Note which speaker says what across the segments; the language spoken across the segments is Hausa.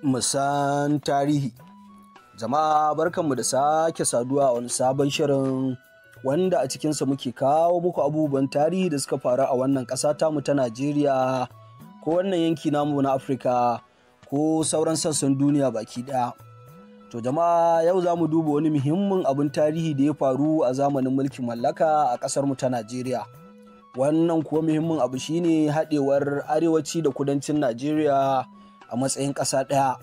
Speaker 1: musan tarihi jama'a barkanmu da sake saduwa a wani sabon shirin wanda a cikinsa muke kawo muku abubuwan tarihi da suka faru a wannan ƙasa tamu ta najeriya ko wannan yanki namu na afirka ko sauran sassan duniya baki ɗaya to jama'a yau za mu duba wani muhimmin abin tarihi da ya faru a zamanin mulkin mallaka a ƙasarmu ta najeriya wannan kuwa muhimmin abu shine haɗewar arewaci da kudancin najeriya a matsayin ƙasa ɗaya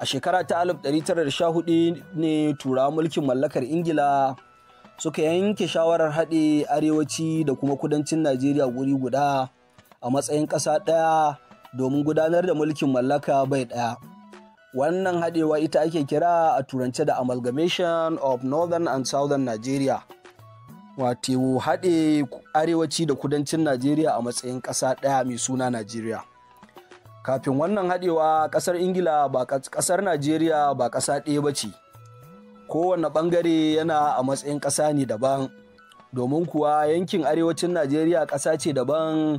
Speaker 1: a shekara ta 1914 ne turawa mulkin mallakar ingila suka yanke shawarar haɗe arewaci da kuma kudancin najeriya guri guda a matsayin ƙasa ɗaya domin gudanar da mulkin mallaka bai ɗaya wannan haɗewa ita ake kira a turance da amalgamation of northern and southern nigeria wato haɗe arewaci da kudancin najeriya a matsayin ƙasa ɗaya mai suna najeriya kafin wannan haɗewa ƙasar ingila ba ƙasar najeriya ba ƙasa ɗaya ba ce kowane ɓangare yana a matsayin ƙasa ne daban domin kuwa yankin arewacin najeriya ƙasa ce daban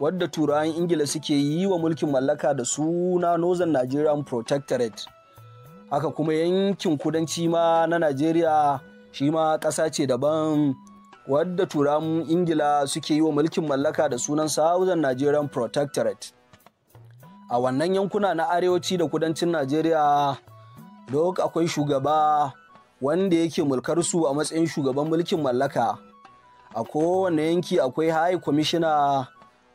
Speaker 1: wadda turawan ingila suke yi wa mulkin mallaka da suna northern nigerian protectorate haka kuma yankin kudanci ma na najeriya shi ma ƙasa ce daban wadda turawan ingila suke yi wa mulkin mallaka da sunan southern nigerian protectorate a wannan yankuna na arewaci da kudancin najeriya duk akwai shugaba wanda yake mulkar su a matsayin shugaban mulkin mallaka a kowane yanki akwai high commissioner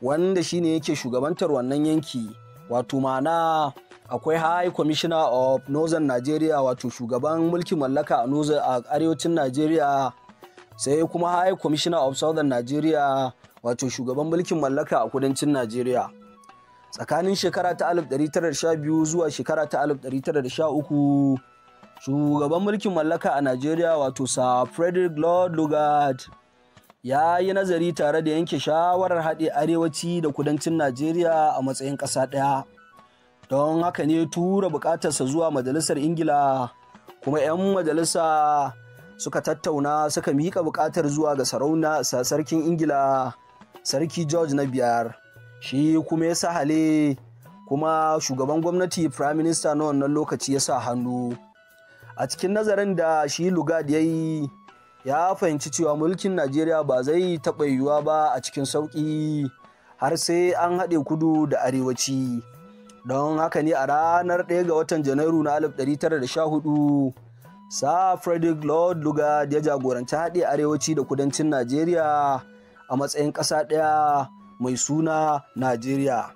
Speaker 1: wanda shine yake shugabantar wannan yanki wato ma'ana akwai high commissioner of northern nigeria wato shugaban mulkin mallaka a arewacin nigeria sai kuma high commissioner of southern nigeria wato shugaban mulkin mallaka a kudancin nigeria tsakanin shekara ta 1912 zuwa shekara ta 1913 shugaban mulkin mallaka a najeriya wato sir frederick lord lugard ya yi nazari tare da yanke shawarar haɗe arewaci da kudancin najeriya a matsayin ƙasa ɗaya don haka ne tura buƙatarsa zuwa majalisar ingila kuma 'yan majalisa suka tattauna suka miƙa buƙatar zuwa ga sarauna sarkin ingila sarki george na biyar shi kuma ya hale kuma shugaban gwamnati prime minister na wannan lokaci ya sa hannu a cikin nazarin da shi lugard ya yi ya fahimci cewa mulkin najeriya ba zai taɓa yiwuwa ba a cikin sauƙi har sai an haɗe kudu da arewaci don haka ne a ranar 1 ga watan janairu na 1914 sa frederick lord lugard ya jagoranci haɗe arewaci da kudancin najeriya a matsayin ƙasa ɗaya mai suna Najeriya.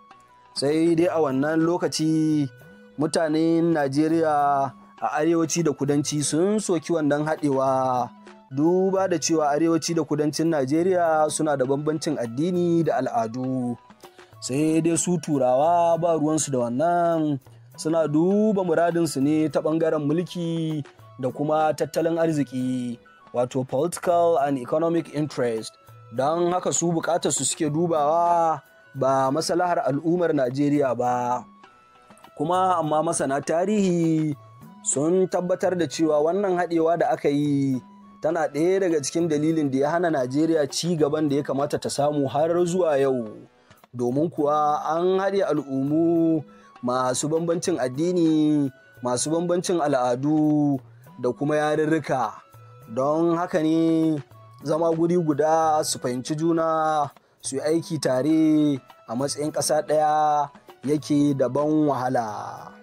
Speaker 1: Sai dai a wannan lokaci mutanen Najeriya a arewaci da kudanci sun soki wannan haɗewa duba da cewa arewaci da kudancin Najeriya suna da bambancin addini da al'adu. Sai dai su turawa ba ruwansu da wannan suna duba muradinsu ne ta ɓangaren mulki da kuma tattalin arziki wato political and economic interest don haka su bukatar su suke dubawa ba masalahar al'ummar najeriya ba kuma amma masana tarihi sun tabbatar da cewa wannan haɗewa da aka yi tana ɗaya daga cikin dalilin da ya hana najeriya ci gaban da ya kamata ta samu har zuwa yau domin kuwa an haɗe al'ummu masu bambancin addini masu bambancin al'adu da kuma yarurruka don haka ne zama guri guda su fahimci juna su yi aiki tare a matsayin ƙasa ɗaya yake daban wahala.